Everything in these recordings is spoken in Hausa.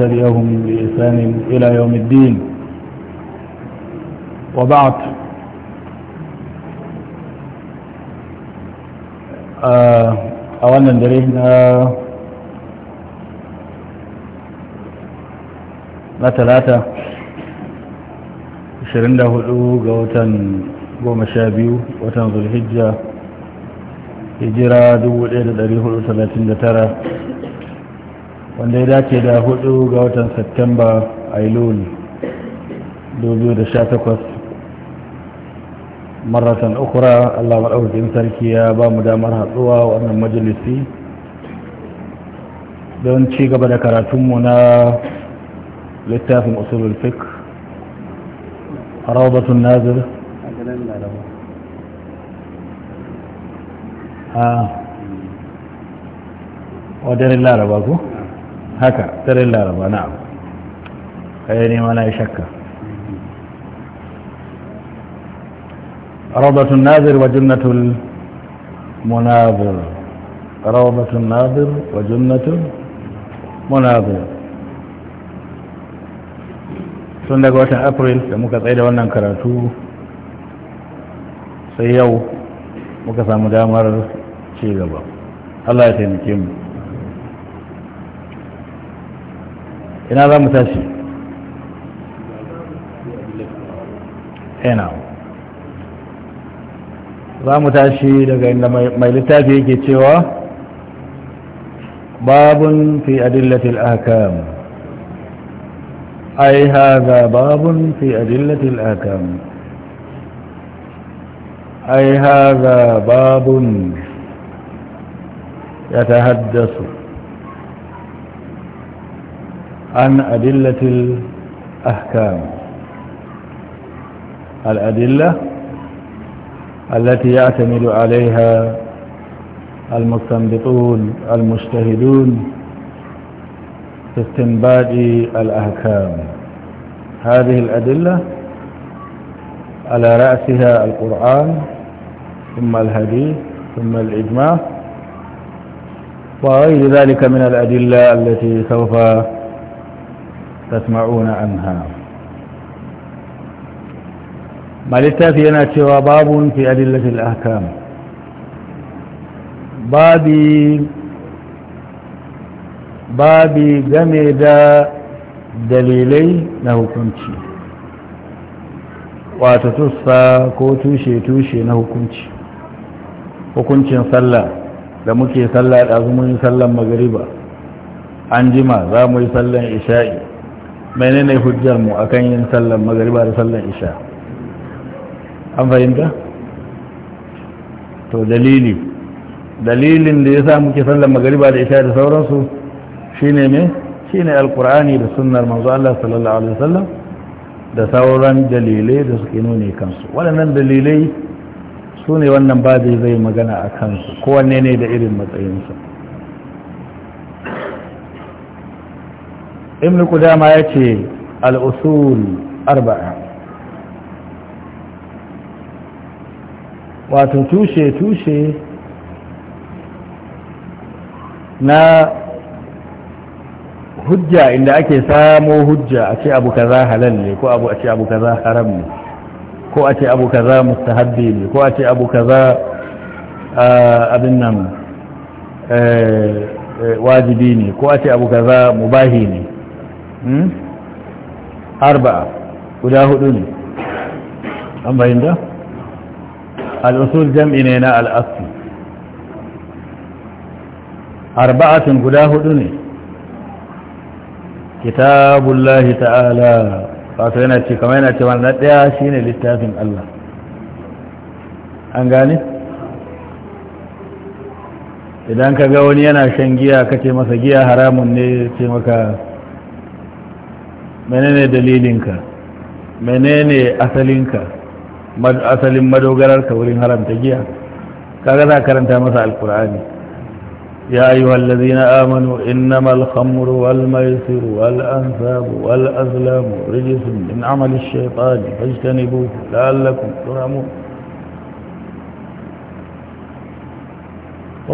تبعهم بإحسان إلى يوم الدين وبعد آه، أولا درينا na talata 24 الهجة watan 12 إلى دريه الأسلاتين دترى wanda ya dace da hudu ga watan Satumba Ailul 2018 maratan ukura Allah maɗaukakin sarki ya ba mu damar hatsuwa wannan majalisi don ci gaba da karatunmu na littafin usulul a rawabatun nazir a ah. wadannan laraba ko? haka tare laraba na'am kai ne ma na shakka wa الناظر munazir المناظر nazir wa وجنة munazir tun daga watan april da muka tsaye da wannan karatu sai yau muka samu damar ci gaba allah ya taimake mu ina za mu tashi yana za mu tashi daga inda mai littafi yake cewa babun fi adillatil akam ai haza babun fi adillatil akam ai haza babun ya ta haddasa عن أدلة الأحكام الأدلة التي يعتمد عليها المستنبطون المجتهدون في استنباط الأحكام هذه الأدلة على رأسها القرآن ثم الحديث ثم الإجماع وغير ذلك من الأدلة التي سوف تسمعون عنها مالتا في ناتشوى باب في أدلة الأحكام بابي babi game da dalilai na hukunci wato tussa ko tushe-tushe na hukunci hukuncin sallah da muke sallah da mun yi sallan magariba an jima za mu yi sallan isha'i menene hujjar mu akan yin sallar magariba da sallar isha an fahimta to dalili dalilin da ya sa muke sallar magariba da isha da sauransu shine me shine alkur'ani da sunnar manzo Allah sallallahu alaihi wasallam da sauran dalilai da suke nuni kansu waɗannan dalilai su ne wannan ba zai magana a kansu kowanne ne da irin matsayinsa ibn kudama ya ce al'usul arba'a wato tushe-tushe na hujja inda ake samo hujja a ce abu kaza halal ne ko abu a ce abu kaza haram ne ko a ce abu kaza mustahabbi ne ko a ce abu kaza abin nan wajibi ne ko a ce abu kaza mubahi ne Hmm? arba'a guda hudu ne an bayin da al'usul jam'i ne na al'asu arba'atin guda hudu ne kitabullahi ta'ala wato yana ce kama yana ce wani na ɗaya shi ne littafin Allah an gane? idan ka ga wani yana shan giya ka ce masa giya haramun ne ce maka menene dalilinka menene asalinka asalin madogararka wurin haramta giya kaga za karanta masa alkur'ani يا أيها الذين آمنوا إنما الخمر والميسر والأنساب والأزلام رجس من عمل الشيطان فاجتنبوه لعلكم ترحمون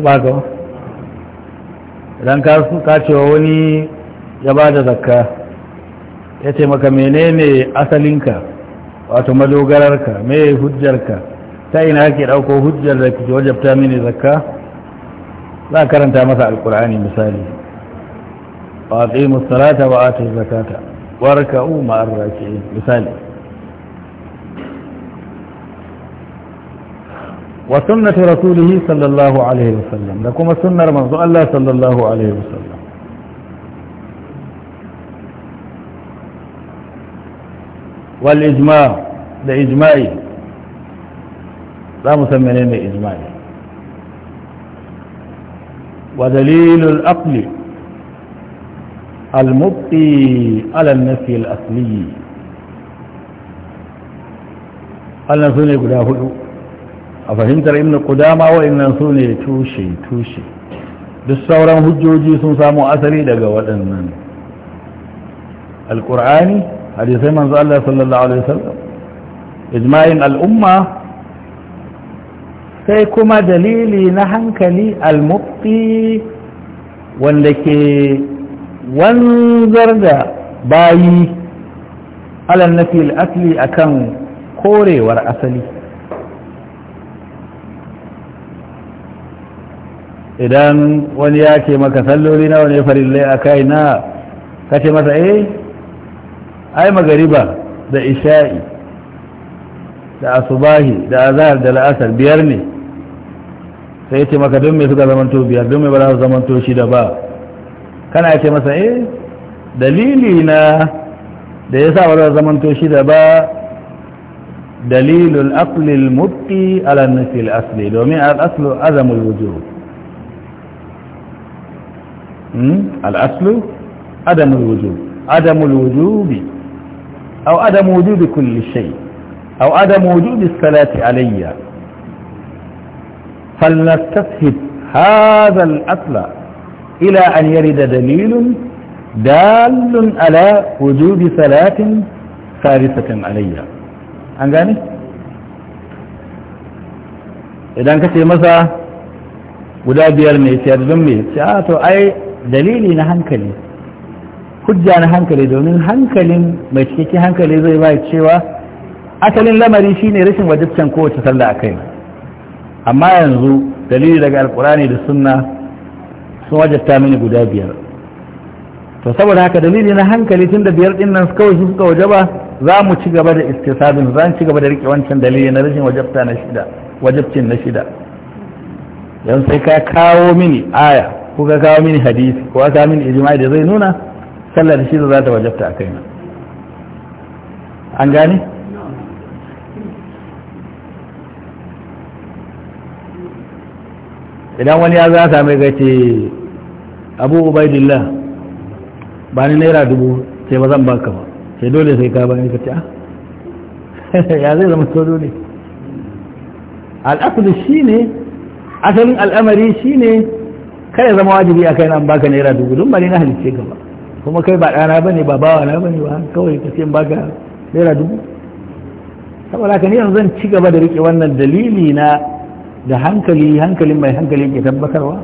وبعد idan ka ce wa wani ya ba da zakka ya ce maka menene asalinka wato madogararka mai hujjarka ta ina ke ɗauko hujjar da ke wajabta mini zakka za ka karanta masa alkur'ani misali wa a tsaye musalata wa a tsaye zakata warka umar rake misali wa sunnati rasulihi sallallahu alaihi wasallam da kuma sunnar manzo Allah sallallahu alaihi wasallam wal ijma da ijma'i za mu san menene ijma'i wa dalilul aqli المبقي على النفي الأصلي النفي guda hudu a fahimtar ibn qudama wa'annan su ne tushe tushe duk sauran hujjoji sun samu asali daga waɗannan alƙur'ani hadisai manzo Allah sallallahu alaihi wasallam ijma'in al'umma sai kuma dalili na hankali al-muqti wanda ke wanzar da bayi alal nafi al-asli akan korewar asali idan wani ya ce maka salloli nawa ne farillai a kai na kace masa eh ai magariba da isha'i da asubahi da azhar da la'asar biyar ne sai ce maka don me suka zamanto biyar don me ba za su zamanto da ba kana ce masa eh dalili na da ya sa ba za su shi da ba dalilul aqlil mutti ala nasil asli domin al aslu azamul wujub الأصل عدم الوجوب عدم wujubi أو عدم وجود كل شيء أو عدم وجود الصلاة علي فلنستفهد هذا الأصل إلى أن يرد دليل دال على وجود صلاة ثالثة علي أنقاني؟ اذا ka ce masa guda biyar mai siyar don أي ce a hujja na hankali domin hankalin mai cikakken hankali zai ba cewa asalin lamari shine rashin wajibcin kowace sallah akai amma yanzu dalili daga alkurani da sunna sun wajabta mini guda biyar to saboda haka dalili na hankali tun da biyar din nan kawai suka wajaba za mu ci gaba da istisabin za mu ci gaba da rike wancan dalili na rashin wajabta na shida wajabcin na shida Yanzu sai ka kawo mini aya ko ka kawo mini hadisi ko ka kawo mini ijma'i da zai nuna sallah da shi za ta wajabta a kaina an gane idan wani ya za ta mai gace abu ubaidillah ba ni naira dubu sai ba zan baka ba sai dole sai ka bayan ka ce a ah, ya zai zama to dole al'akulu shi ne asalin al'amari shi ne kai zama wajibi a kai nan baka naira dubu don ba ni na halice ka ba kuma kai ba ɗana ne ba bawa na bane ba kawai ka ce baka naira dubu saboda haka ni yanzu zan ci gaba da rike wannan dalili na da hankali hankalin mai hankali ke tabbatarwa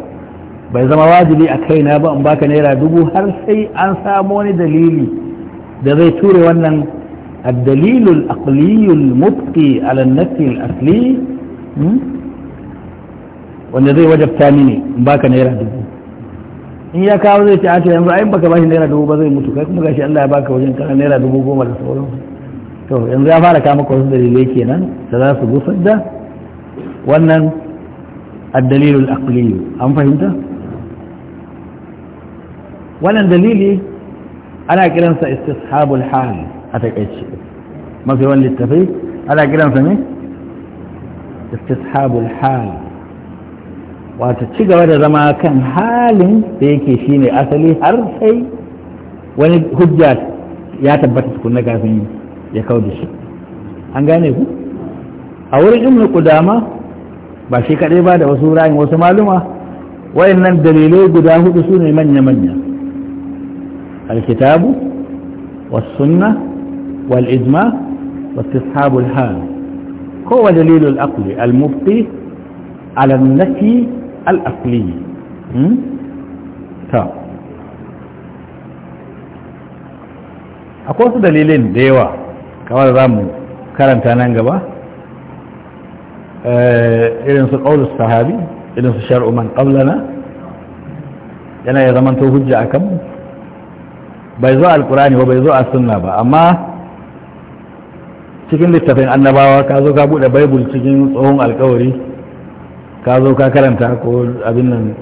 bai zama wajibi a kai na ba in baka naira dubu har sai an samu wani dalili da zai ture wannan الدليل الأقلي المبقي على النفس الأصلي wanda zai wajabta mini in baka naira dubu in ya kawo zai ce a ce yanzu ai baka bashi naira dubu ba zai mutu kai kuma gashi Allah ya baka wajen kana naira dubu goma da sauran to yanzu ya fara kama wasu dalilai kenan da za su gusar da wannan addalilul aqli an fahimta wannan dalili ana kiransa istishabul hal a takaice mafi wani littafai ana kiransa ne istishabul hal wato ci gaba da zama kan halin da yake shi ne asali har sai wani hujja ya tabbata tukunna kafin ya kawo da shi an gane ku a wurin ibnu kudama ba shi kadai ba da wasu rayin wasu maluma wayan nan dalilai guda hudu su ne manya manya alkitabu والسنة والإجماع واستصحاب الحال هو دليل العقل المبقي على النفي al'akuli ta akwai wasu dalilin da yawa kamar za mu karanta nan gaba irin su ƙaunar sahabi irin su shar'uman ƙaunana yana ya zamanto hujja a kanmu bai zo alkurani ba bai zo a sunna ba amma cikin littafin annabawa ka zo ka buɗe baibul cikin tsohon alkawari ka zo ka karanta ko abin nan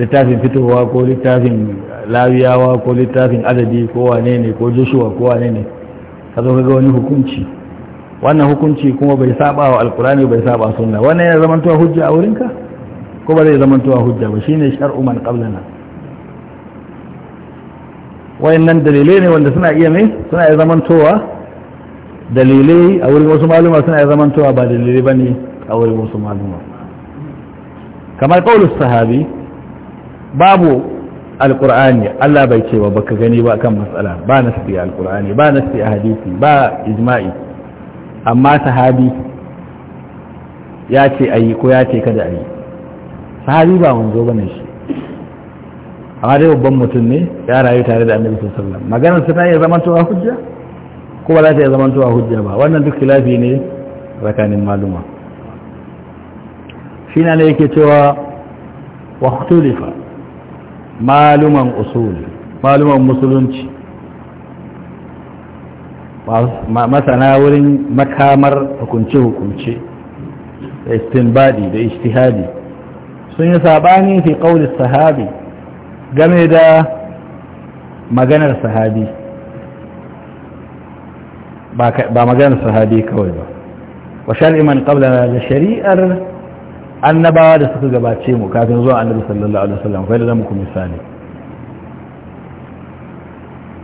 littafin fitowa ko littafin lawiyawa ko littafin adadi ko wane ne ko joshua ko wane ne ka zo ka ga wani hukunci wannan hukunci kuma bai saba wa alkurani bai saba sunna wannan ya zamantowa hujja a wurinka ko ba zai zamantowa hujja ba shine shar'u man qablana wayannan dalilai ne wanda suna iya mai suna iya zamantowa dalilai a wurin wasu maluma suna iya zamantowa ba dalilai bane a wurin wasu maluma kamar ƙaunar sahabi babu alƙur'ani Allah bai ce ba baka gani ba kan matsala ba nasi alƙur'ani ba nasi a hadisi ba ijma'i amma sahabi ya ce a yi ko ya ce kada a yi sahabi ba wanzo ba ne shi amma dai babban mutum ne ya rayu tare da annabi sallallahu alaihi wasallam maganar sa ta iya zaman hujja ko ba za ta iya zaman hujja ba wannan duk kilafi ne tsakanin maluma shi na ne yake cewa waktulifa tulifa maluman usuli maluman musulunci masana wurin makamar hukunce-hukunce da istinbadi da ishtihadi sun yi sabani fi ƙaunin sahabi game da maganar sahabi ba maganar sahabi kawai ba wa shari'man ƙabla da shari'ar annabawa da suka gabace mu kafin zuwa annabi sallallahu alaihi wasallam kai da muku misali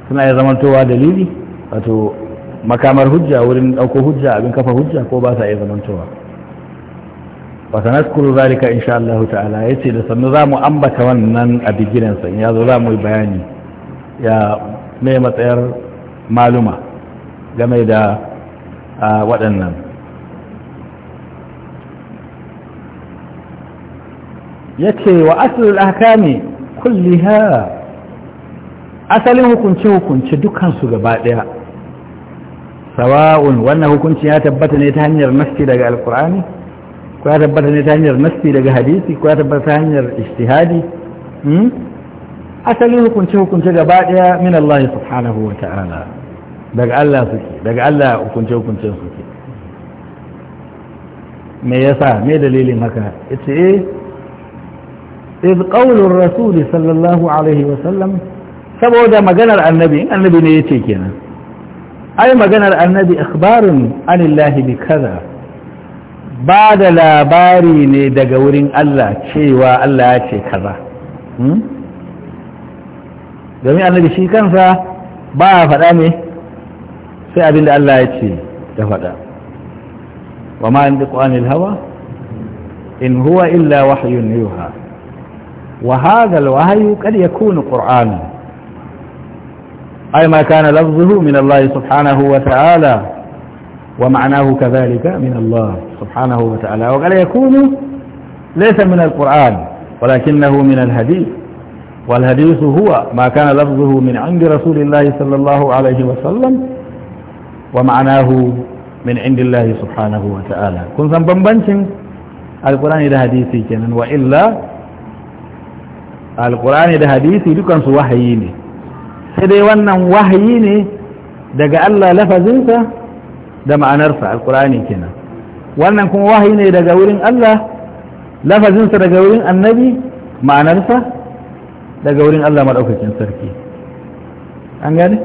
suna ya zamantowa dalili wato makamar hujja wurin dauko hujja abin kafa hujja ko ba sa iya zamantowa wa sanadkuru zalika insha Allah ta'ala yace da sannu zamu ambata wannan a bigiran sa ya zo zamu yi bayani ya mai matsayar maluma game da waɗannan yace wa ne ahkami kulliha asalin hukunci hukunci dukkan su gaba daya sawa'un wannan hukunci ya tabbata ne ta hanyar nasti daga alqur'ani ko ya tabbata ne ta hanyar nasti daga hadisi ko ya tabbata ta hanyar ijtihadi hmm? asalin hukunci hukunci gaba daya min Allah subhanahu wa ta'ala daga Allah suke daga Allah hukunci hukuncin suke me yasa me dalilin haka yace eh iz qaulur rasul sallallahu alaihi wasallam saboda maganar annabi annabi ne yace kenan ai maganar annabi ikhbarun anillahi bi kaza ba da labari ne daga wurin Allah cewa Allah ya ce kaza domin annabi shi kansa ba a faɗa sai abin Allah ya ce ya faɗa wa ma hawa in huwa illa wahayun yuha وهذا الوحي قد يكون قرآن أي ما كان لفظه من الله سبحانه وتعالى ومعناه كذلك من الله سبحانه وتعالى وقد يكون ليس من القرآن ولكنه من الحديث والحديث هو ما كان لفظه من عند رسول الله صلى الله عليه وسلم ومعناه من عند الله سبحانه وتعالى كن سنبنبنشن القرآن إلى حديثي كنا وإلا alkurani da hadisi dukansu wahayi ne sai dai wannan wahayi ne daga Allah lafazinsa da ma'anarsa alkurani kenan wannan kuma wahayi ne daga wurin Allah lafazinsa daga wurin annabi ma'anarsa daga wurin Allah maɗaukakin sarki an gane?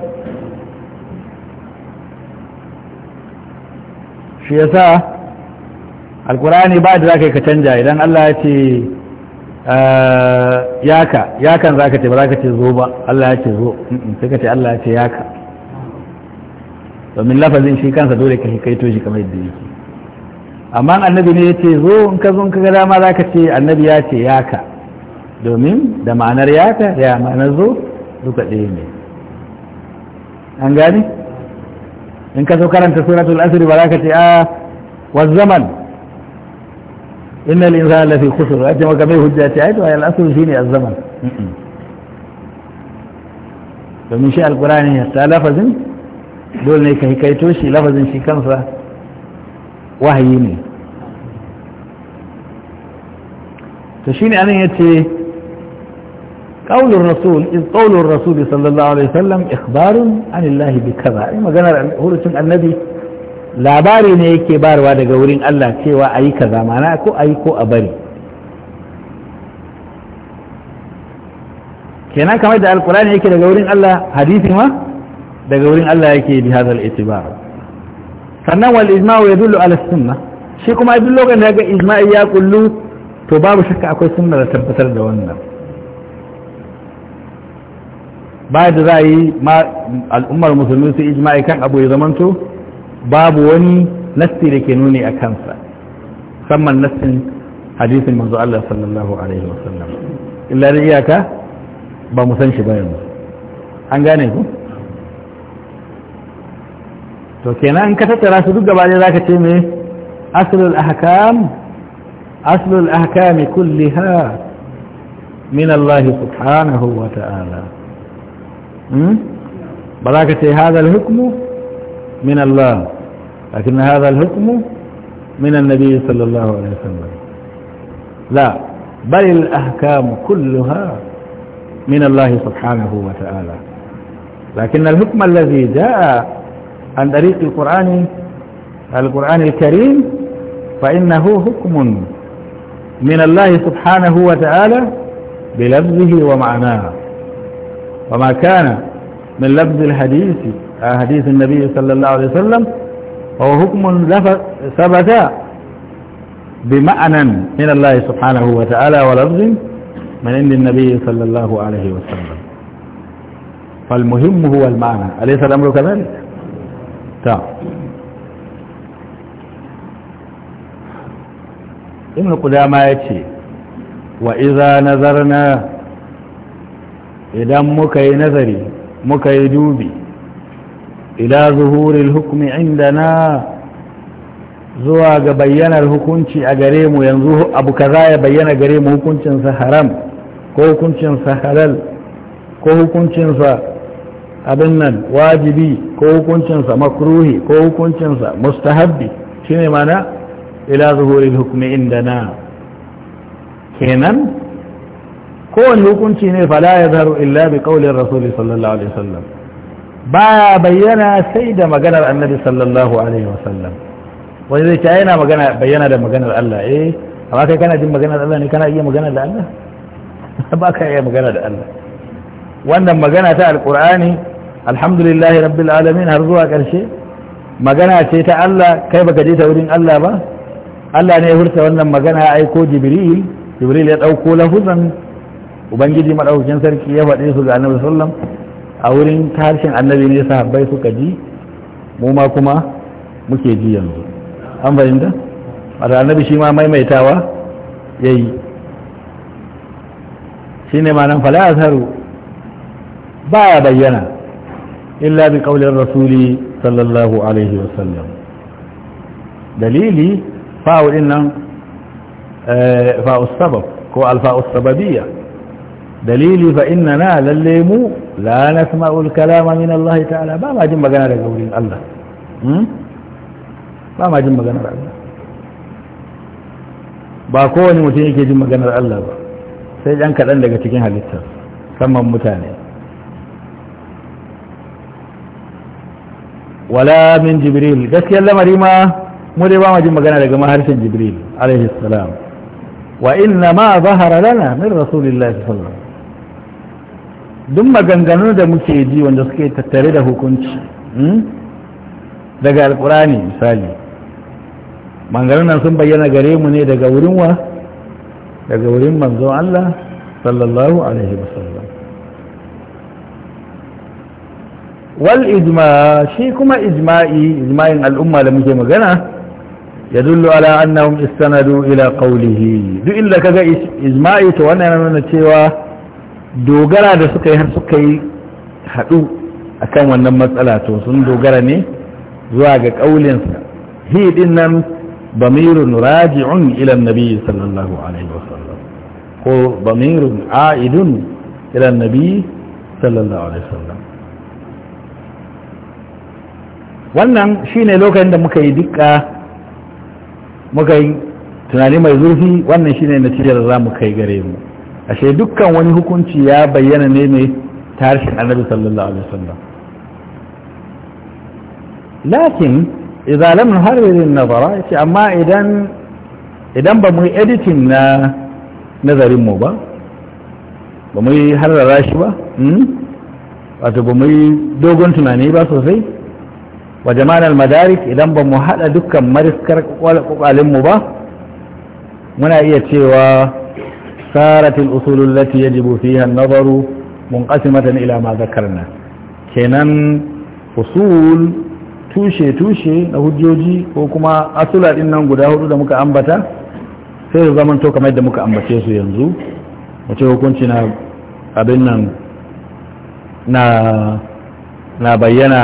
shi yasa alkurani ba da za ka canja idan Allah ya ce Eh, yaka yakan za ka ce ba za ka ce zo ba Allah ya ce zo sai ka ce Allah ya ce yaka domin lafazin shi kansa dole ka kai toshi kamar yadda yake amma annabi ne ya ce zo in ka zo in ka ga dama za ka ce annabi ya ce yaka domin da ma'anar yaka da ma'anar zo duka ɗaya ne an gani in ka so karanta suratul asiri ba za ka ce a ah, wazzaman إن الإنسان لفي خسر أجمع كمية هجاتات وهي الأصل فيني الزمن فمن شاء القرآن يحتى لفظ دول نيك هكيتوشي لفظ شي كنفة وهيني فشيني أنا يتي قول الرسول إذ قول الرسول صلى الله عليه وسلم إخبار عن الله بكذا يعني ما قال هو النبي labari ne yake barwa daga wurin Allah cewa a yi kaza mana ko a yi ko a bari kenan kamar da alkurani yake daga wurin Allah hadisi ma daga wurin Allah yake bi hadal itibar sannan wal ijma'u yadullu ala sunnah shi kuma duk lokacin da ga ijma'i ya kullu to babu shakka akwai sunna da tabbatar da wannan ba da za yi al'ummar musulmi su ijma'i kan abu ya zamanto babu wani nasti da ke nuni a kansa Samman nassin hadisin manzo Allah sallallahu alaihi wasallam illa da iyaka ba mu san shi ba yanzu an gane ku to kenan ka tattara su duk gaba ne zaka ce me aslul ahkam aslul ahkam kulliha min Allah subhanahu wa ta'ala hmm? ba za ka ce hadal hukmu من الله لكن هذا الحكم من النبي صلى الله عليه وسلم لا بل الأحكام كلها من الله سبحانه وتعالى لكن الحكم الذي جاء عن طريق القرآن القرآن الكريم فإنه حكم من الله سبحانه وتعالى بلفظه ومعناه وما كان من لفظ الحديث حديث النبي صلى الله عليه وسلم هو حكم ثبت بمعنى من الله سبحانه وتعالى ولفظ من عند النبي صلى الله عليه وسلم فالمهم هو المعنى أليس الأمر كذلك تعال طيب. ابن قدامى يتشي وإذا نظرنا إذا مكي نظري مكي دوبي ila zuhuril hukmi indana zuwa ga bayyanar hukunci a gare mu yanzu abu kaza ya bayyana gare mu hukuncinsa haram ko hukuncinsa halal ko hukuncinsa abin nan wajibi ko hukuncinsa makruhi ko hukuncinsa mustahabbi shine mana ila zuhuril hukmi indana kenan kowane hukunci ne fala ya zaharu illa bi kaulin rasuli sallallahu alaihi wasallam baya bayyana sai da maganar annabi sallallahu alaihi wasallam wani zai ce yana magana bayyana da maganar Allah eh amma kai kana jin maganar Allah ne kana iya magana da Allah ba ka iya magana da Allah wannan magana ta alkur'ani alhamdulillahi rabbil alamin har zuwa karshe magana ce ta Allah kai baka je ta wurin Allah ba Allah ne ya hurta wannan magana ya aiko Jibril Jibril ya dauko lafuzan ubangiji madaukakin sarki ya faɗe su ga annabi sallallahu alaihi wasallam a wurin harshen annabi ne sahabbai suka ji mu ma kuma muke ji yanzu an fahimta wata annabi shi ma maimaitawa ya yi shi ne ma nan fala ba ya bayyana illa bi kaulin rasuli sallallahu alaihi wasallam dalili fa'u din nan eh, fa'u sabab ko alfa'u sababiyya دليلي فإننا لليمو لا نسمع الكلام من الله تعالى ما ما جمع جنر قولين الله ما ما جمع جنر الله باكوني متينيك جمع جنر الله سيجعنك لأنك تكينها للتر كما متاني ولا من جبريل قسي الله مريما مريما ما جمع جنر مهارس جبريل عليه السلام وإنما ظهر لنا من رسول الله صلى الله عليه وسلم duk maganganu da muke ji wanda suke tattare da hukunci hmm? daga alkurani misali maganganun sun bayyana gare mu ne daga wurin wa daga wurin manzon Allah sallallahu alaihi wasallam wal ijma shi kuma ijma'i ijma'in al'umma da muke magana istanadu ila qawlihi duk إلى kaga ijma'i to wannan yana nuna cewa. dogara da suka yi har suka yi haɗu a kan wannan matsala to sun dogara ne zuwa ga ƙaulinsa hidin nan bamirun raji'un ilan nabi sallallahu alaihi wasallam ko bamirun a'idun ilan nabi sallallahu alaihi wasallam wannan shine lokacin da muka yi dukka muka yi tunani mai zurfi wannan shine natijar za mu kai gare mu ashe dukkan wani hukunci ya bayyana ne ne tarshen annabi sallallahu alaihi wasallam lakin idan lam nuharririn nazara yace amma idan idan ba mu yi editing na nazarin mu ba ba mu yi harrara shi ba hmm? wato ba mu yi dogon tunani ba sosai wa jama'an madarik idan ba mu hada dukkan mariskar kwakwalin mu ba muna iya cewa صارت الأصول التي يجب فيها النظر منقسمة إلى ما ذكرنا كنان أصول توشي توشي نهجوجي وكما أصول إنهم hudu da muka ambata sai zaman to kamar yadda muka ambace su yanzu wace hukunci na abin nan na bayyana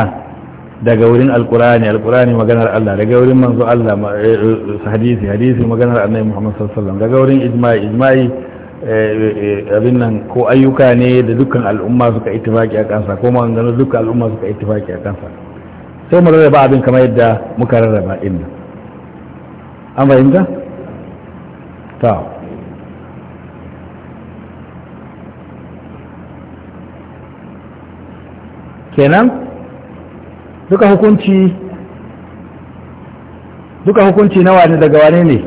daga wurin alkurani alkurani maganar Allah daga wurin manzo Allah eh, eh, hadisi hadisi maganar annabi Muhammad sallallahu alaihi wasallam daga wurin ijma'i ijma'i Eh, abin nan ko ayyuka ne da dukkan al'umma suka itifaki a kansa ko maganganun dukkan al'umma suka itifaki a kansa sai mu rarraba abin kamar yadda muka rarraba din nan an fahimta ta kenan duka hukunci duka hukunci nawa ne daga wane ne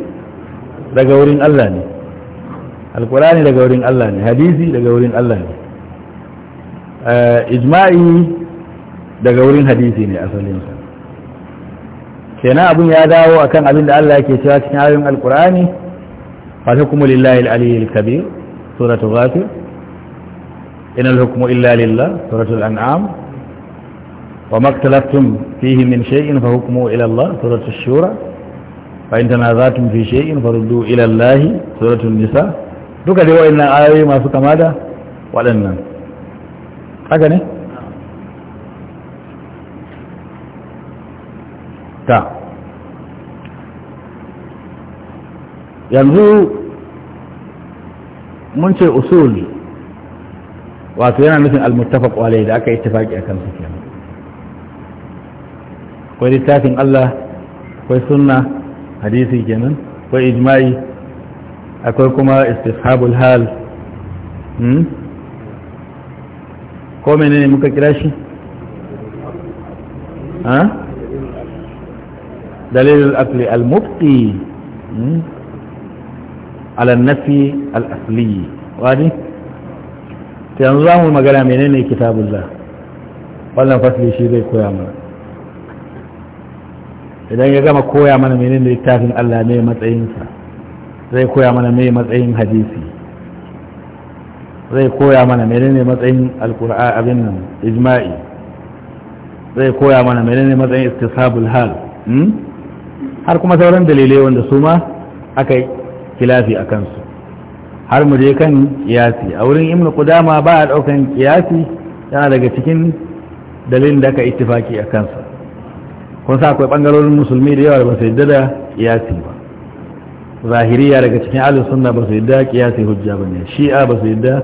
daga wurin Allah ne alkurani daga wurin Allah ne hadisi daga wurin Allah ne eh, ijma'i daga wurin hadisi ne asalinsa kenan abin ya dawo akan abin da Allah yake cewa cikin ayoyin alkurani fatakumu lillahi al-aliyyil kabir suratul ghafir إن الحكم إلا لله سورة الأنعام وما اختلفتم فيه من شيء فحكمه إلى الله سورة الشورى فإن تنازعتم fi شيء فردوا إلى الله suratul nisa. duka dai nan ayoyi masu kama da waɗannan haka ne ta yanzu mun ce usul wato yana nufin almuttafa ƙwalai da aka yi tafaki a kan suke akwai littafin Allah akwai sunna hadisi kenan akwai ijma'i akwai kuma istihabul hal hmm? ko ne muka kira shi ha dalilul akli al-mufti hmm? ala nafi al-asli wani ta yanzu za mu magana kitabun za wannan fasli shi zai koya mana idan ya gama koya mana ne littafin Allah ne matsayinsa zai koya mana mai matsayin hadisi zai koya mana menene matsayin alkur'a abin nan ijma'i zai koya mana menene matsayin istisabul hal hmm? har kuma sauran dalilai wanda su ma aka yi kilafi a kansu har mu je kan kiyasi a wurin ibn kudama ba a daukan kiyasi yana daga cikin dalilin da aka ittifaki a kansa kun sa akwai bangarorin musulmi da yawa da ba su yadda da kiyasi ba zahiriya daga cikin ahlus sunna ba su yadda qiyasi hujja bane shi'a ba su yadda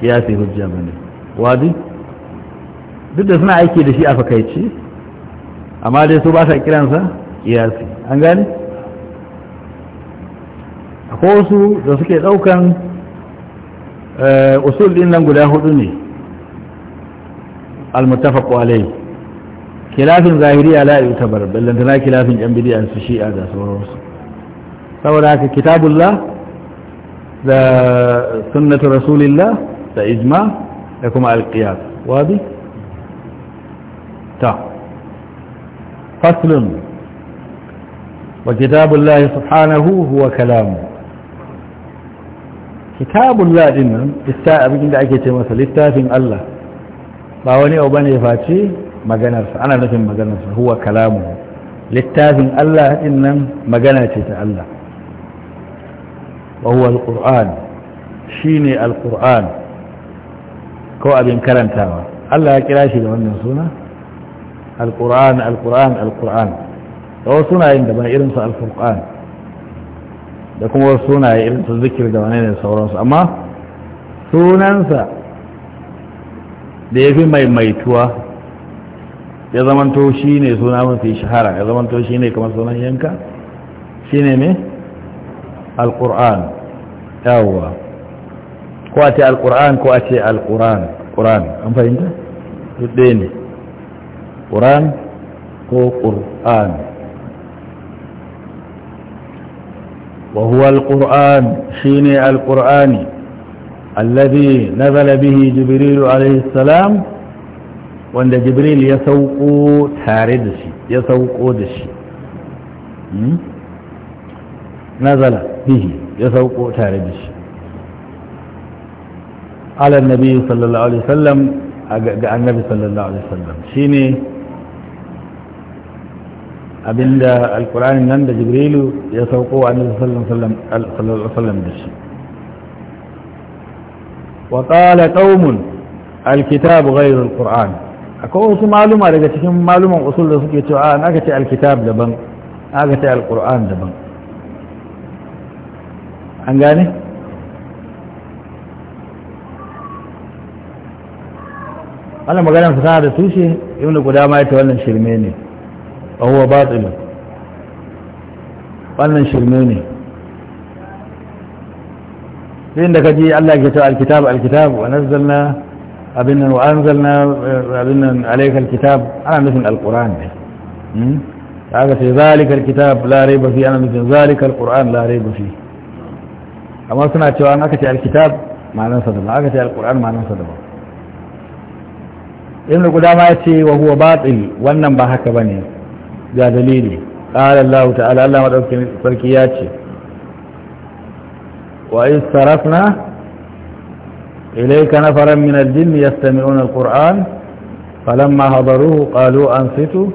qiyasi hujja bane wadi duk da suna aiki da shi'a a fakaici amma dai su ba sa kiransa qiyasi an gane akwai wasu da suke daukan eh, usul din nan guda hudu ne al-muttafaq alayhi khilafin zahiriya la yutabar ballantana khilafin yan bid'a su shi'a da sauransu فولاك كتاب الله ذا سنة رسول الله ذا إجماع يكما القياد واضي طيب. تا فصل وكتاب الله سبحانه هو كلامه كتاب الله إن استاء بكين دعك يتمثل الله فين الله باواني أو باني فاتي مغنرس أنا نفهم مغنرس هو كلامه للتاثن الله إنم مغنى الله وهو القرآن شيني القرآن كو أبين كرنتاوا الله يكراشي لمن سنة القرآن القرآن القرآن وهو سنة عندما إرنس القرآن لكم هو سنة إرنس الذكر دوانين السورانس أما سننسى da ya fi maimaituwa ya zamanto shi ne suna mafi shahara ya zamanto shi ne kamar sunan yanka shi ne ne alƙur'an yawwa ko a ce alƙur'an ko a ce alƙur'an ƙur'an an fahimta duk ne Qur'an ko ƙur'an wa huwa alƙur'an shi ne alƙur'ani allazi nazala bihi jibrilu alaihi salam wanda jibril ya sauko tare da shi ya sauko da shi nazala bihi ya sauko tare da shi ala nabi sallallahu alaihi wasallam ga annabi sallallahu alaihi wasallam shine abinda alkur'ani nan da jibrilu ya sauko wa annabi sallallahu alaihi wasallam da shi wa qala qaumun alkitab ghayr alquran akwai wasu maluma daga cikin maluman usul da suke cewa an ah, aka ce daban daban an gane wannan maganar su tana da tushe ibn da guda ta wannan shirme ne a huwa batil wannan shirme ne sai da kaji Allah ke ce alkitab alkitab wa nazzalna abin nan wa anzalna eh, abin nan alaikar kitab ana nufin alquran ne ta hmm? sai zalika zalikar kitab Larai fi ana nufin zalikar Kur'an Larai bafi kamar suna cewa an aka ce alkitab da daban aka ce alkur'an ma'anarsa daban ibn qudama ya ce wa huwa batil wannan ba haka ba ne ga dalili qala Allah ta'ala Allah madaukakin sarki ya ce wa istarafna ilayka nafaran min al-jinn yastami'una al-qur'an falamma hadaruhu an ansitu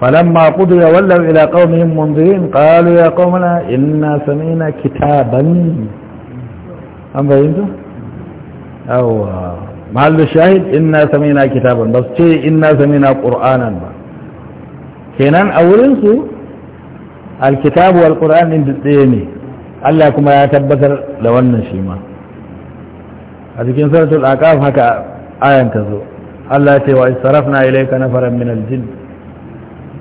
فلما قضي ولوا إلى قومهم منذرين قالوا يا قومنا إنا سمينا كتابا أم فهمتوا أو محل الشاهد إنا سمينا كتابا بس شيء إنا سمينا قرآنا كنان أولنسوا الكتاب والقرآن الديني Allah kuma ya tabbatar da wannan shi ma a cikin suratul aqaf haka ayan ta zo Allah ya ce wa israfna ilayka nafaran min al-jinn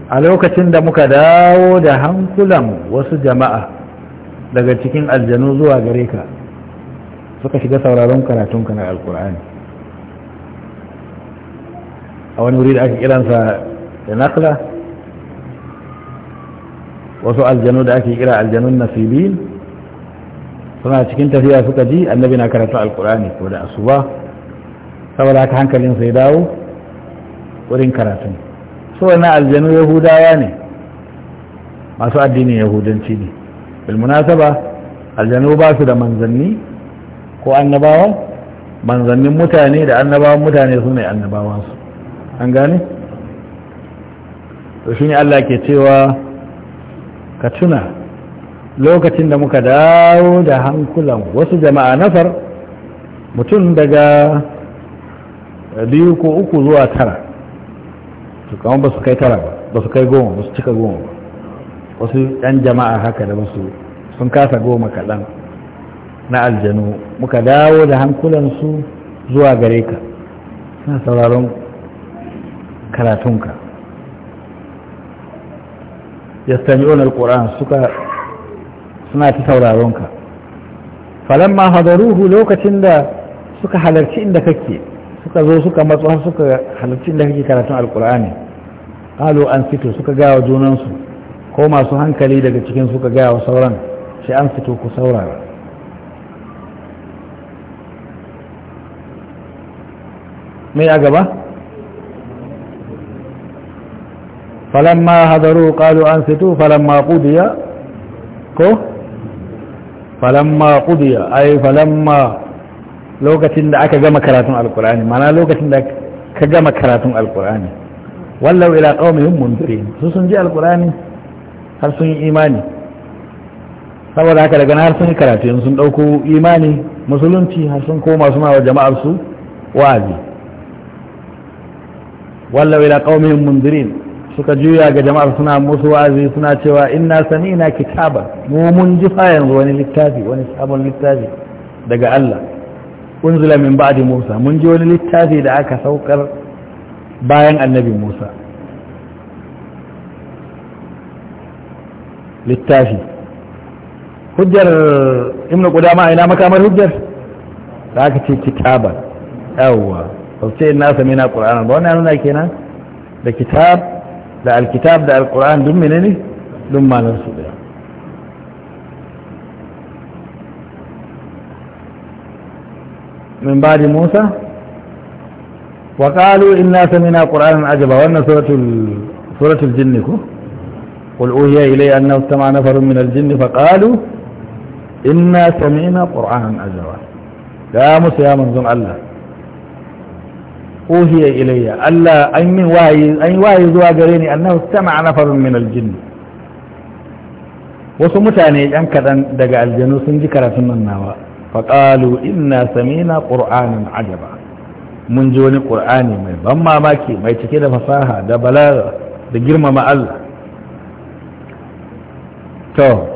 a lokacin da muka dawo da hankulan wasu jama'a daga cikin aljanu zuwa gare ka suka shiga sauraron karatun kanar alkur'ani a wani wuri da ake kiransa da nakla wasu aljanu da ake kira aljanun nasibin suna cikin tafiya suka ji annabi na karatu alkur'ani ko da asuba saboda haka hankalinsa ya dawo wurin karatun su aljanu yahudawa ne masu addinin yahudanci ne bilmunasaba aljanu ba su da manzanni ko annabawa manzannin mutane da annabawan mutane su ne annabawansu an gane? to shi ne Allah ke cewa ka tuna lokacin da muka dawo da hankulan wasu jama'a nafar mutum daga biyu ko uku zuwa tara to kama ba su kai tara ba ba su kai goma ba su cika goma ba wasu ɗan jama'a haka da wasu sun kasa goma kaɗan na aljanu muka dawo da hankulansu zuwa gare ka suna sauraron karatunka yastami'una alquran suka suna ta sauraron ka falamma hadaruhu lokacin da suka halarci inda kake suka zo suka matsa har suka halarci da kake karatun alkur'ani kalu an fito suka gawa junansu ko masu hankali daga cikin suka gawa sauran sai an fito ku saurara mai a gaba ma hadaru kalu an fito falamma ma. ko falamma qudiya ay falamma lokacin da aka gama karatun alkur'ani mana lokacin da ka gama karatun alkur'ani wallau ila qaumihim munzirin su sun ji alkur'ani har sun yi imani saboda haka daga har sun yi karatu yanzu sun ɗauko imani musulunci har sun koma suna wa jama'ar su wa'azi wallau ila qaumihim munzirin suka juya ga jama'ar suna musu wa'azi suna cewa inna sami'na kitaba mu mun ji fa yanzu wani littafi wani sabon littafi daga Allah unzila min ba'di Musa mun ji wani littafi da aka saukar bayan annabi Musa littafi hujjar ibn qudama ina makamar hujjar da aka ce kitaba yawwa sauce ina sami na qur'ana ba wani nuna kenan da kitab da alkitab da alquran dun menene dun malar su daya من بعد موسى وقالوا إنا سمعنا قرآن عجبا وأن سورة, سورة الجن قل أوهي إلي أنه استمع نفر من الجن فقالوا إنا سمعنا قرآن عجبا يا موسى يا منظم الله أوهي إلي ألا أي من واي أي واي زوا أنه استمع نفر من الجن wasu mutane yan kaɗan daga aljanu sun ji karatun nan nawa faƙalu inna samina ƙur'anin ajaba mun ji wani ƙur'ani mai ban mamaki mai cike da fasaha da balaga da girmama Allah to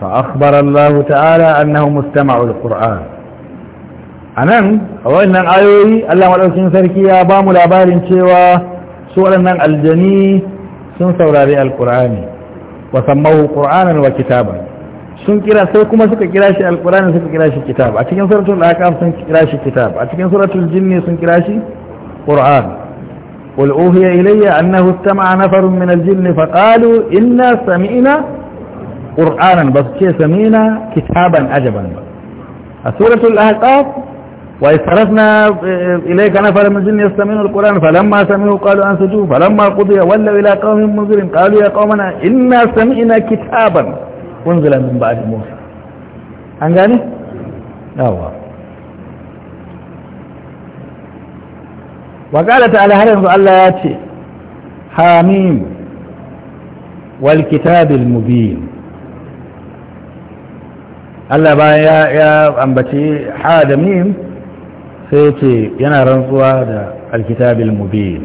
fa Allah ta'ala annahu mustama'u ƙur'an, quran anan a wannan ayoyi Allah madaukakin sarki ya bamu labarin cewa su waɗannan aljani sun saurari Alƙur'ani, qurani wa sammahu Qur'anan wa sun kira sai kuma suka kira shi alkurani suka kira shi kitab a cikin suratul aqaf sun kira shi kitab a cikin suratul jinni sun kira shi qur'an قل أوهي إلي أنه استمع نفر من الجن فقالوا إنا سمعنا قرآنا بس كي سمعنا كتابا عجبا سورة الأحقاف وإذ صرفنا إليك نفر من الجن يستمعون القرآن فلما سمعوا قالوا أنسجوا فلما قضي ولوا إلى قوم منذر قالوا يا قومنا إنا سمعنا كتابا unzila min ba'di musa an gane yawa wa qala ta'ala har yanzu Allah ya ce hamim wal kitabil mubin Allah bayan ya ya ambaci ha da sai ce yana rantsuwa da alkitabil mubin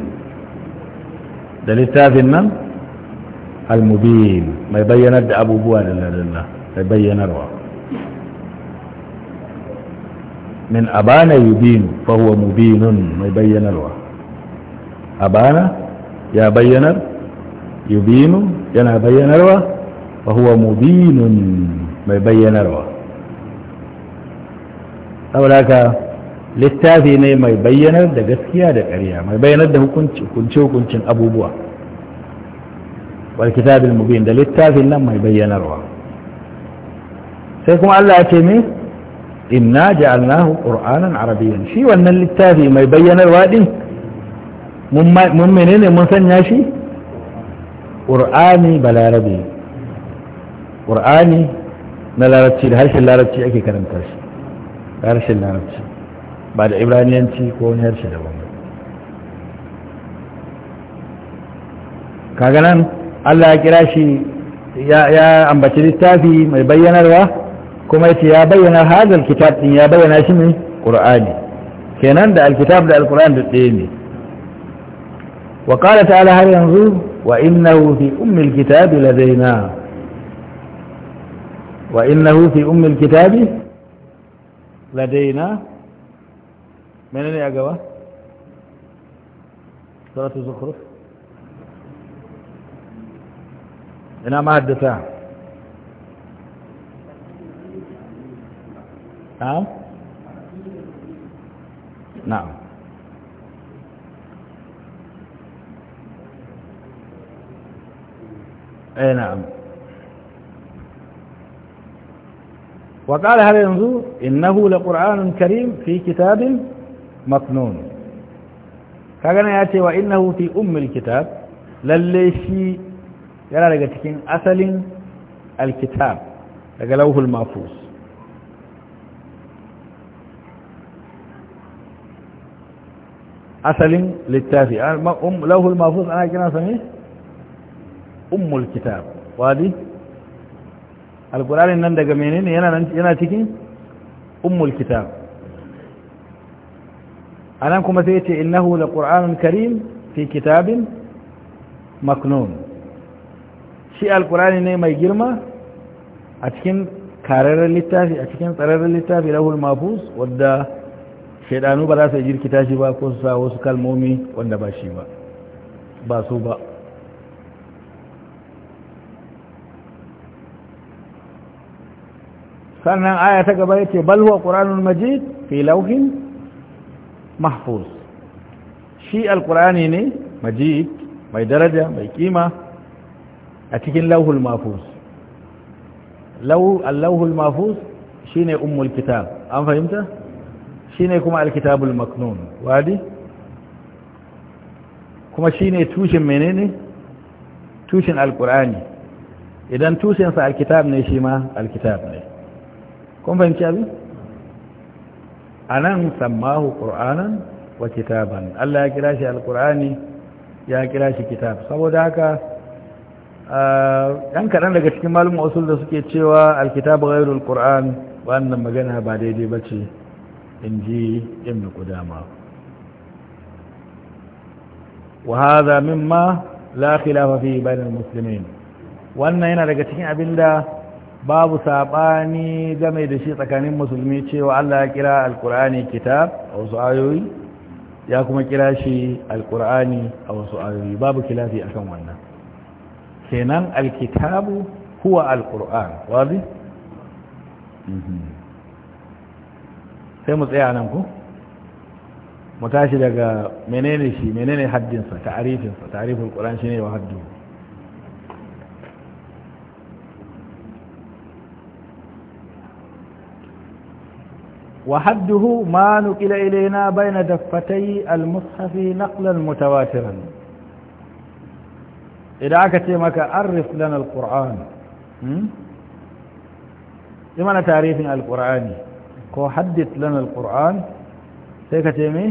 da littafin nan al mai bayyanar da abubuwa da ladalla mai bayyanarwa min abana yubinu fa huwa mubinun mai bayyanarwa abana ya bayyanar yubinu yana bayyanarwa fa huwa mubinun mai bayyanarwa saboda haka littafi ne mai bayyanar da gaskiya da ƙarya mai bayyanar da hukunci hukuncin abubuwa والكتاب المبين ده للتافي لما يبين الرؤى سيكون الله أتمي إنا جعلناه قرآنا عربيا شي وأن للتافي ما يبين الرؤى ممنين منثنى شي قرآني بلا ربي قرآني نلا رتشي لهرش الله رتشي أكي كرم ترشي لهرش الله رتشي بعد عبرانيان شي كون هرش الله رتشي كاغنان Allah ya kira shi ya ambaci littafi mai bayyanarwa kuma yace ya bayyana hadal kitab din ya bayyana shi ne qur'ani kenan da alkitab da alquran da ɗaya ne wa qala ta'ala har yanzu wa innahu fi ummi alkitab ladaina wa innahu fi ummi alkitab ladaina menene a gaba suratul zukhruf ina ma haddasa na'am na'am eh na'am وقال هذا ينظر إنه لقرآن كريم في كتاب مكنون كان يأتي وإنه في أم الكتاب للي شيء yana daga cikin asalin alkitab daga lauhul mafus asalin littafi lauhul mafus ana kira sami umul kitab wadi alkuranin nan daga menene yana cikin umul kitab anan kuma sai ce innahu la qur'anun karim fi kitabin maknun shi alkurani ne mai girma a cikin kararren littafi a cikin tsararren littafi lahul mafus wadda shaidanu ba za su jirkita shi ba ko su sa wasu kalmomi wanda ba shi ba ba su ba sannan aya ta gaba ya ce balwa ƙuranun majid fi lauhin mahfuz shi alƙurani ne majid mai daraja mai kima a cikin lauhul mafus lauhul mafus shine ummul kitab an fahimta shine kuma alkitabul maknun wadi kuma shine tushen menene tushen alkur'ani idan tushensa alkitab ne shi ma alkitab ne kun fahimci abin a nan sammahu ƙur'anan wa kitaban Allah ya kira shi alkur'ani ya kira shi kitab saboda haka yan kaɗan daga cikin malum wasu da suke cewa alkitabu ghairul qur'an wannan magana ba daidai ba ce in ji ibn qudama wa hadha mimma la khilafa fihi bainal muslimin wannan yana daga cikin abin da babu saɓani game da shi tsakanin musulmi cewa Allah ya kira alkur'ani kitab a wasu ayoyi ya kuma kira shi alkur'ani a wasu ayoyi babu kilafi akan wannan kenan alkitabu huwa alkur'an wazi? Mhm. sai mu tsaya nan ku mu tashi daga menene shi menene haddinsa ta'arifinsa ta'arifin ƙuran shi ne wa haddu وحده ما نقل إلينا بين دفتي المصحف نقلا متواترا idan aka ce maka arif lana alquran hmm? yi mana tarihin alqurani ko haddith lana alquran sai ka ce me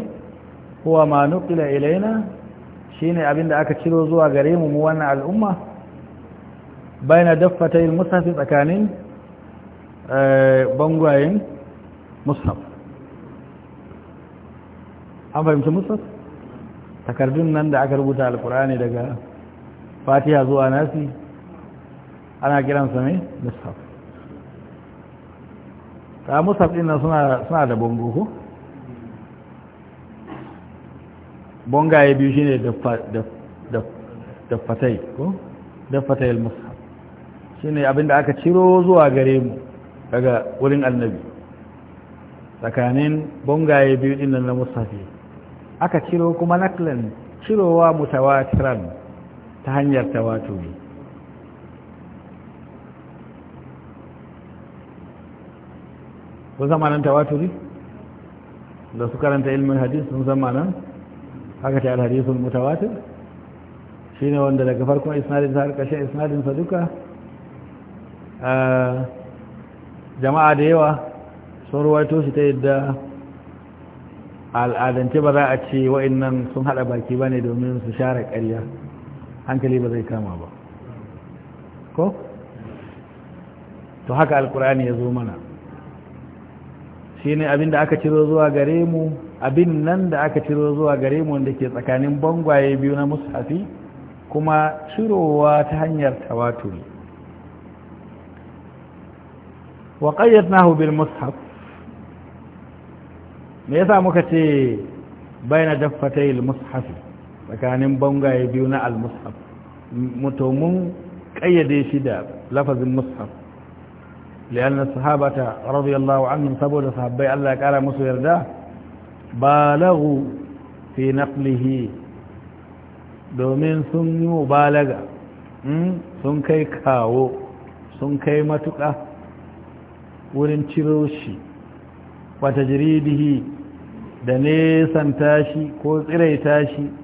huwa ma nuqila ilaina shine abinda aka ciro zuwa gare mu wannan al'umma baina daffatay almushaf tsakanin eh, bangwayen musaf an fahimci musaf takardun nan da aka rubuta alkur'ani daga fatiha zuwa nasi ana kiransa ne mushaf ta mushaf din nan suna da bongo ko bongaye biyu shine da fatai ko da fatai al-mushaf shine abinda aka ciro zuwa gare mu daga wurin annabi tsakanin bongaye biyu din nan na mushafi aka ciro kuma naklan cirowa mutawatiran ta hanyar tawaturi ko zamanin tawaturi da su karanta ilmin hadis sun zamanin haka ta alhadisun mutawatir shi ne wanda daga farkon isnadinsa harkashe isnadin sa duka jama'a da yawa sun ruwaito shi ta yadda al'adance ba za a ce wa'in nan sun haɗa baki ba ne domin su share ƙarya hankali ba zai kama ba ko to haka alkur'ani ya zo mana shi ne abin da aka ciro zuwa gare mu abin nan da aka ciro zuwa gare mu wanda ke tsakanin bangwaye biyu na mushafi kuma cirowa ta hanyar tawaturi wa qayyadnahu bil mushaf me yasa muka ce bayna daffatayil mushafi tsakanin bangaye biyu na al-mushaf mutumin kayyade shi da lafazin mushaf liyan na sahabata radiyallahu anhum saboda sahabbai Allah ya kara musu yarda balagu fi naqlihi domin sun yi mubalaga hmm, sun kai kawo sun kai matuƙa wurin ciro shi wata jiridihi da nesanta shi ko tsiraita shi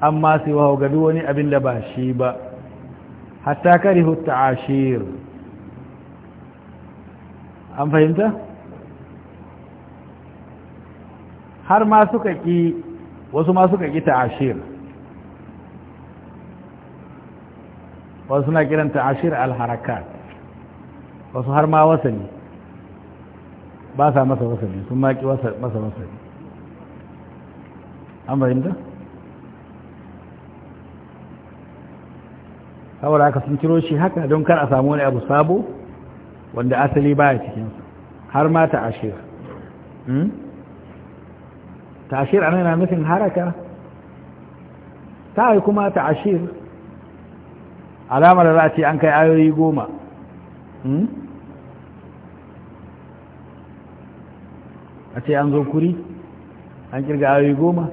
amma sai wa ga wani abin da ba shi ba hatta karihu ta'ashir an fahimta har ma suka ki wasu ma suka ki ta'ashir wasu na kiran ta'ashir al-harakat wasu har ma wasani ba sa masa wasani sun ma ki masa wasani an fahimta saboda haka sun ciro shi haka don kar a samu wani abu sabo wanda asali baya cikinsu har ma ta'ashir hmm? ta'ashir ana yana nufin haraka ta kuma kuma ta'ashir alamar za ce an kai ayoyi goma hmm? a ce an zo kuri an kirga ayoyi goma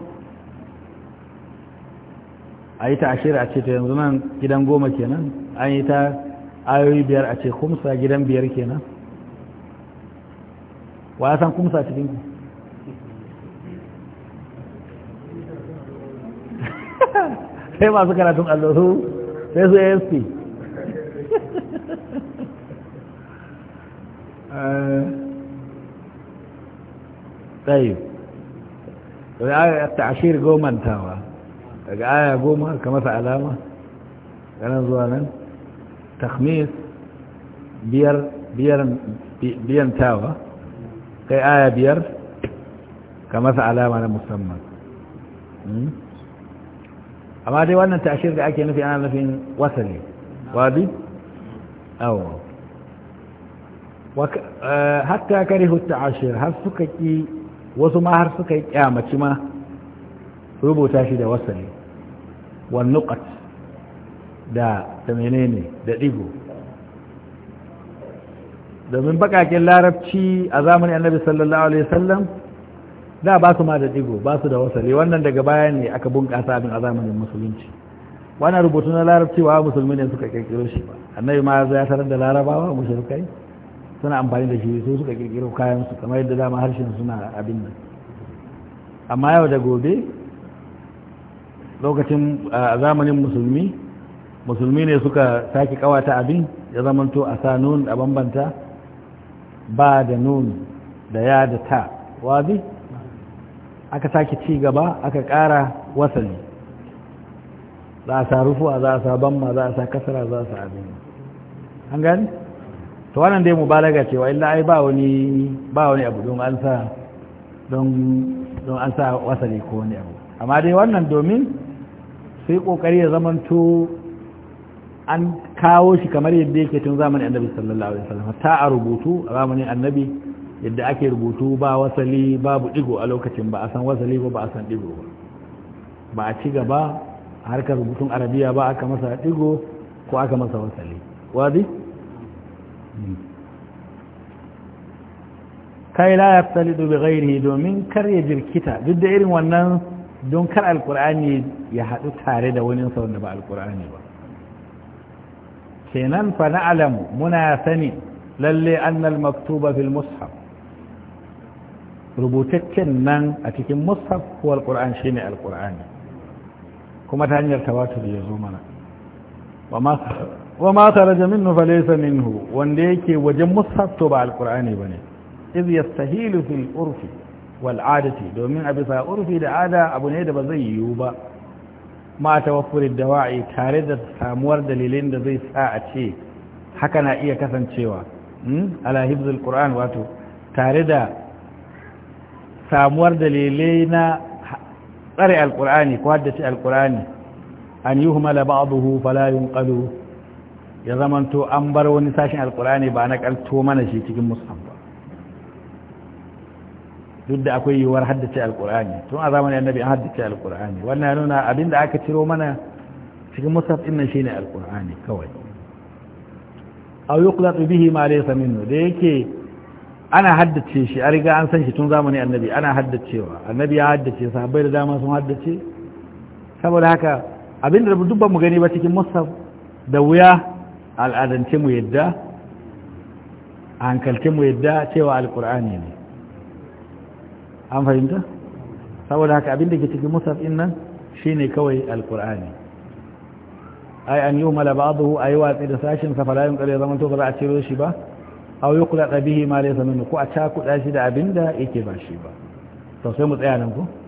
a yi ta ashirar a ce ta yanzu nan gidan goma kenan an yi ta ayoyi biyar a ce kumsa gidan biyar kenan wa ya san kumsa cikin ku sai masu karatun allosu sai su asp ɗaya da ya ta ashir gomantawa آية قومة كما علامة أنا زوانا تخميس بير بير بير تاوى كي آية بير كما علامة أنا مسمى أما دي وانا تأشير لأكي نفي أنا نفي وصلي وادي أو وك... آه... حتى كره التعاشر هل سكتي وزما هل سكتي يا ما رب تاشي ده وصلي Wannukat da da menene da digo domin bakakin larabci a zamanin annabi sallallahu alaihi wasallam da ba su ma da digo ba su da wasali wannan daga baya ne aka bunƙasa abin a zamanin musulunci wannan rubutu na larabci wa musulmi ne suka kirkiro shi ba annabi ma ya tarar da larabawa mushrikai suna amfani da shi sai suka kirkiro kayan su kamar yadda dama harshen suna abin nan amma yau da gobe lokacin zamanin musulmi musulmi ne suka sake kawata abin ya zamanto a sa nun a bambanta ba da nun da ya da ta wazi aka sake ci gaba aka ƙara wasali za a sa rufuwa za a sa bamma za a sa kasara za a sa abin an gani? to wannan dai mubalaga cewa illa ai ba wani ba wani abu don an sa don an sa wasali ko wani abu amma dai wannan domin sai kokari ya zamanto an kawo shi kamar yadda yake tun zamanin annabi sallallahu alaihi wasallam ta a rubutu a zamanin annabi yadda ake rubutu ba wasali babu digo a lokacin ba a san wasali ba ba a san digo ba ba a ci gaba harkar rubutun arabiya ba aka masa digo ko aka masa wasali wadi hmm. kai la yaftalidu bi ghairihi domin kar ya jirkita duk da irin wannan don kar alkur'ani ya haɗu tare da wani wanda ba alkur'ani ba kenan fa na'lamu muna sani lalle annal maktuba fil mushaf rubutaccen nan a cikin mushaf ko alkur'an shine alkur'ani kuma ta hanyar tawatur ya zo mana wa ma kharaja minhu fa laysa minhu wanda yake wajen mushaf to ba alkur'ani bane iz yastahilu fil urfi wal'adati domin a bisa urfi da ada abu ne da ba zai yiwu ba ma da dawa'i tare da samuwar dalilin da zai sa a ce haka na iya kasancewa ala hibzul wato tare da samuwar dalilai na tsare alqur'ani ko haddace alqur'ani an yuhmala ba'dahu fala yunqalu ya zamanto an bar wani sashen alqur'ani ba na kalto mana shi cikin mushaf duk da akwai yiwuwar haddace alkur'ani tun a zamanin annabi an haddace alkur'ani wannan ya nuna abin da aka ciro mana cikin musaf din nan ne alkur'ani kawai a kula tsubi bihi ma laysa minnu da yake ana haddace shi a riga an san shi tun zamanin annabi ana haddacewa annabi ya haddace sahabbai da dama sun haddace saboda haka abinda da dubban mu gani ba cikin musaf da wuya al'adance mu yadda a hankalce mu yadda cewa alkur'ani ne an fahimta saboda haka abinda ke cikin musaf din shine kawai alkur'ani ai an yumala ba'dahu ay watsi da sashin sa fala yunqal zaman to ba za a ciro shi ba aw yuqla bihi ma laysa minhu ko a ta kuda shi da abinda yake ba shi ba to sai mu tsaya nan ko